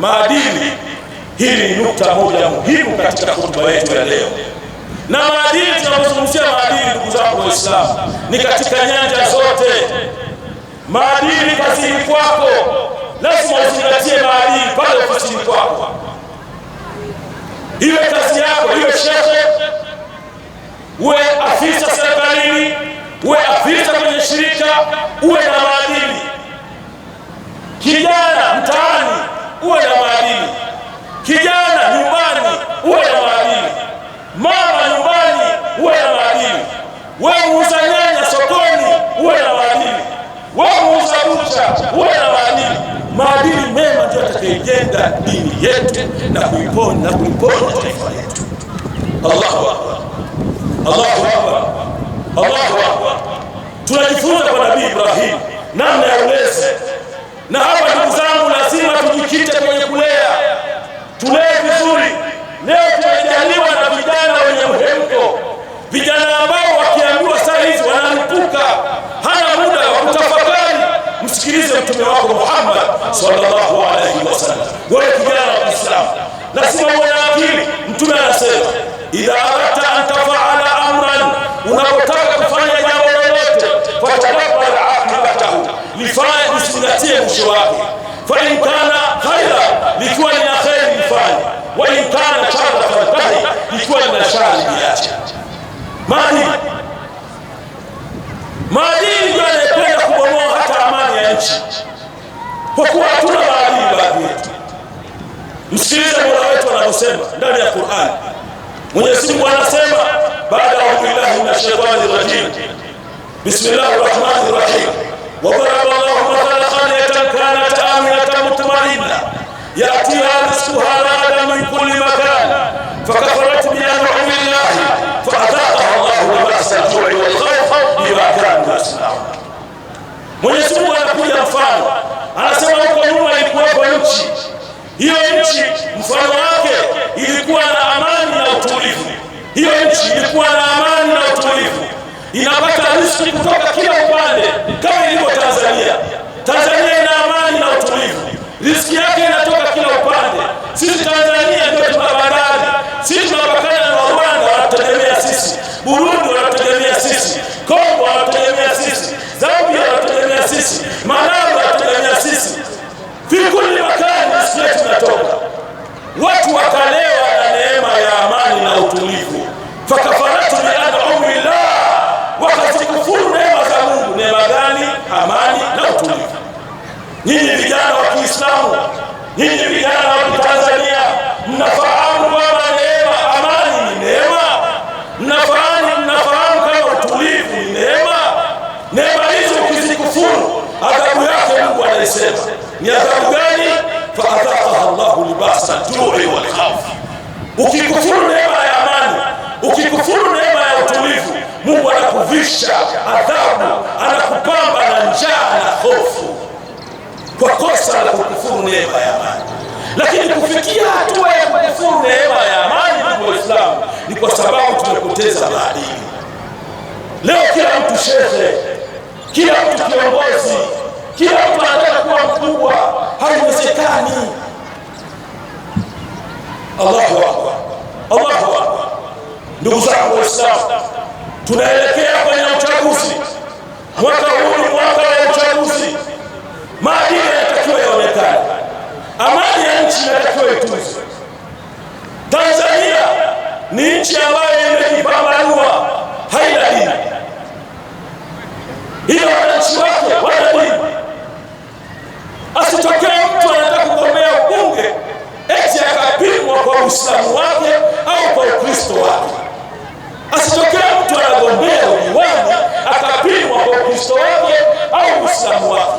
maadili. Hili ni nukta moja muhimu katika hotuba yetu ya leo. Na maadili, tunapozungumzia maadili, ndugu zangu Waislamu, ni katika nyanja zote. Maadili kazini kwako, lazima uzingatie maadili pale ofisini kwako, iwe kazi yako, iwe shehe, uwe afisa serikalini, uwe afisa kwenye shirika, uwe na wewe muuza nyanya sokoni uwe na maadili, wewe muuza bucha uwe na maadili. Maadili mema ndio yatakayojenga dini yetu na kuiponya na kuiponya taifa letu. Allahu akbar, Allahu akbar, Allahu akbar. Tunajifunza kwa Nabii Ibrahim namna ya ulezi, na hapa ndugu zangu, lazima tujikite kwenye fatarabba aqibatahu, lifanye lisingatie mwisho wake. Fa in kana khaira, likiwa lina kheri mfanye, wa in kana shara fantahi, likiwa lina shari liache. Maadili, maadili ndio anayependa kubomoa hata amani ya nchi, kwa kuwa hatuna maadili baadhi yetu. Msikilize Mola wetu anavyosema ndani ya Qur'an. Mwenyezi Mungu anasema baada audhu billahi minashaitani rajim Bismillahi rahmani rahim. Wadaraba llahu mathala qaryatan kanat aminatan mutmainna yatiha rizquha ragadan min kulli makan fakafarat bian'ami llahi faadhaqaha llahu libasa aljui walkhawfa bima kanu yasnaun. Mwenyezi Mungu anakuja mfano, anasema huko nyuma ilikuwepo nchi, hiyo nchi mfano wake ilikuwa na amani na utulivu, hiyo nchi ilikuwa na amani inapata riziki kutoka kila upande kama ilivyo Tanzania. Tanzania ina amani na utulivu, riziki yake inatoka kila upande. Sisi Tanzania ndio tuna bandari, sisi tunapakana na Rwanda, wanategemea sisi Burundi ni adhabu gani? faadhaqaha llahu libasa ljui walkhafi. Ukikufuru neema ya amani, ukikufuru neema ya utulivu, Mungu anakuvisha adhabu, anakupamba na njaa na hofu kwa kosa la kukufuru neema ya amani. Lakini kufikia hatua ya kukufuru neema ya amani, ndugu Waislamu, ni kwa sababu tumepoteza maadili. Leo kila mtu shehe, kila mtu kiongozi kila mtu anataka kuwa mkubwa, haiwezekani. Allahu akbar, Allahu akbar. Ndugu zangu Waislamu, tunaelekea kwenye uchaguzi. Mwaka huu ni mwaka wa uchaguzi. Maadili yanatakiwa yaonekane, amani ya nchi inatakiwa itunzwe. Tanzania ni nchi ambayo imejipambanua, haina dini, hiyo wananchi wake Asitokee mtu anaenda kugombea ubunge eti akapimwa kwa Uislamu wake au kwa Ukristo wake. Asitokee mtu anagombea udiwani akapimwa kwa Ukristo wake au Uislamu wake.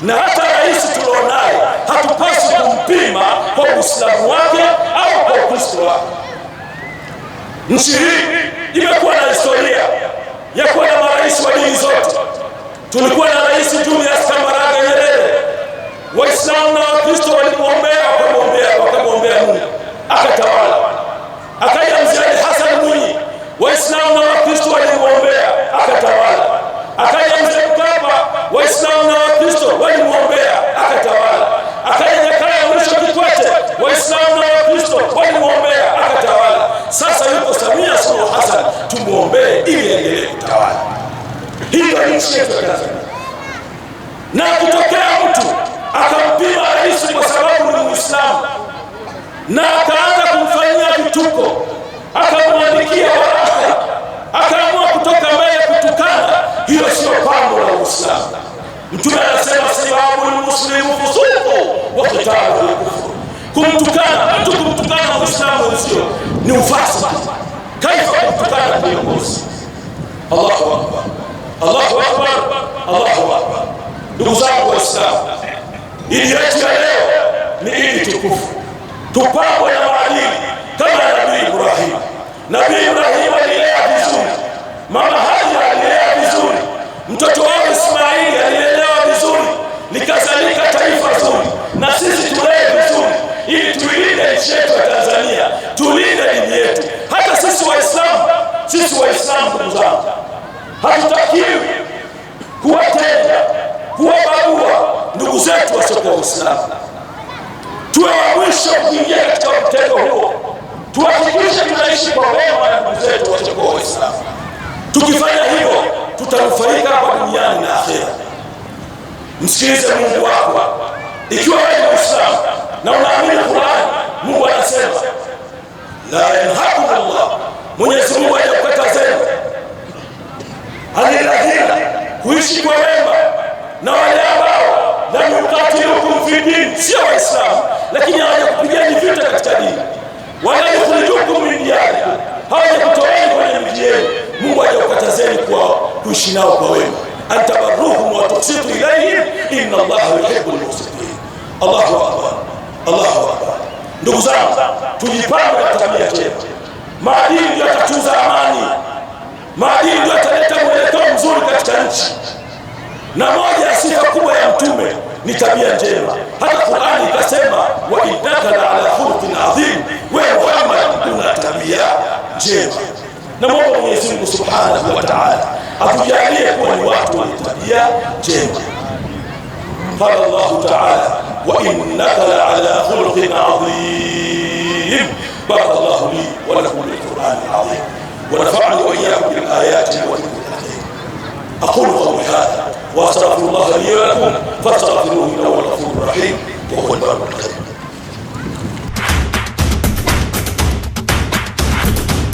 Na hata rais tulionaye hatupasi kumpima kwa Uislamu wake au kwa Ukristo wake. Nchi hii imekuwa na historia ya kuwa na marais wa dini zote. Tulikuwa na rais Julius Kambarage Waislamu na Wakristo walimwombea, wakamwombea, wakamwombea Mungu akatawala. Akaja Mzee Hassan Mwinyi, Waislamu na Wakristo walimwombea, akatawala. Akaja Mzee Mkapa, Waislamu na Wakristo walimwombea, akatawala. Akaja Jakaya Mrisho Kikwete, Waislamu na Wakristo walimwombea, akatawala. Sasa yuko Samia Suluhu Hassan, tumwombee ili endelee kutawala. Hiyo ni nchi yetu ya Tanzania na kutokea mtu akampima rais kwa sababu ni Muislamu na akaanza kumfanyia vituko, akamwandikia waraka, akaamua kutoka mbele kutukana. Hiyo sio pambo la Uislamu. Mtume anasema sibabu lmuslimu fusuku wa kitabu kumtukana mtu, kumtukana Muislamu usio ni ufasi. Kaifa kumtukana viongozi? Allahu akbar, Allahu akbar, Allahu akbar! Ndugu zangu Waislamu, Dini yetu ya leo ni dini tukufu, tupambwe na maadili kama Nabii Ibrahim. Nabii Ibrahim alilea vizuri, mama Hajar alilea vizuri, mtoto wake Ismaili alilelewa vizuri, likazalika taifa zuri. Na sisi tulee vizuri, ili tuilinde nchi yetu ya Tanzania, tulinde dini yetu. Hata sisi Waislamu, sisi Waislamu ndugu zangu, hatutakiwi kuwatenda kuwabagua ndugu zetu wasiokuwa Waislamu, tuwe wa mwisho kuingia katika mtego huo, tuhakikishe tunaishi kwa wema na ndugu zetu wasiokuwa Waislamu. Tukifanya hivyo, tutanufaika kwa duniani na akhera. Msikilize Mungu wako. Ikiwa wewe ni Muislamu na unaamini Qur'an, Mungu anasema la yanhakum Allah, Mwenyezi Mungu hajakukatazeni alilazina kuishi kwa wema na wale ambao la yukatilukum fi dini sio Waislamu, lakini hawajakupigeni vita katika dini, wala yukhrijukum min diyarikum, kutoweni kwenye miji yenu. Mungu kwa kuishi nao kwa wema, antabaruhum wa ilaihim inna Allaha yuhibu muqsitin. Allahu akbar, Allahu akbar. Ndugu zangu, tujipange na tabia njema. Maadili ndio yatatunza amani, maadili ndio yataleta mwelekeo mzuri katika nchi. na moja ya sifa kubwa ya mtume ni tabia njema. Hata Qur'ani ikasema wa innaka la ala khuluqin adhim, wewe Muhammad una tabia njema. Na Mungu Mwenyezi Mungu Subhanahu wa Ta'ala atujalie kuwa ni watu wenye tabia njema. Qala Allah Ta'ala wa innaka la ala khuluqin adhim, baraka Allah li wa lakum bil Qur'an al-azim wa nafa'ani wa iyyakum bil ayati wa dhikr أقول قولي هذا وأستغفر الله لي ولكم فاستغفروه إنه الغفور الرحيم وهو البر الكريم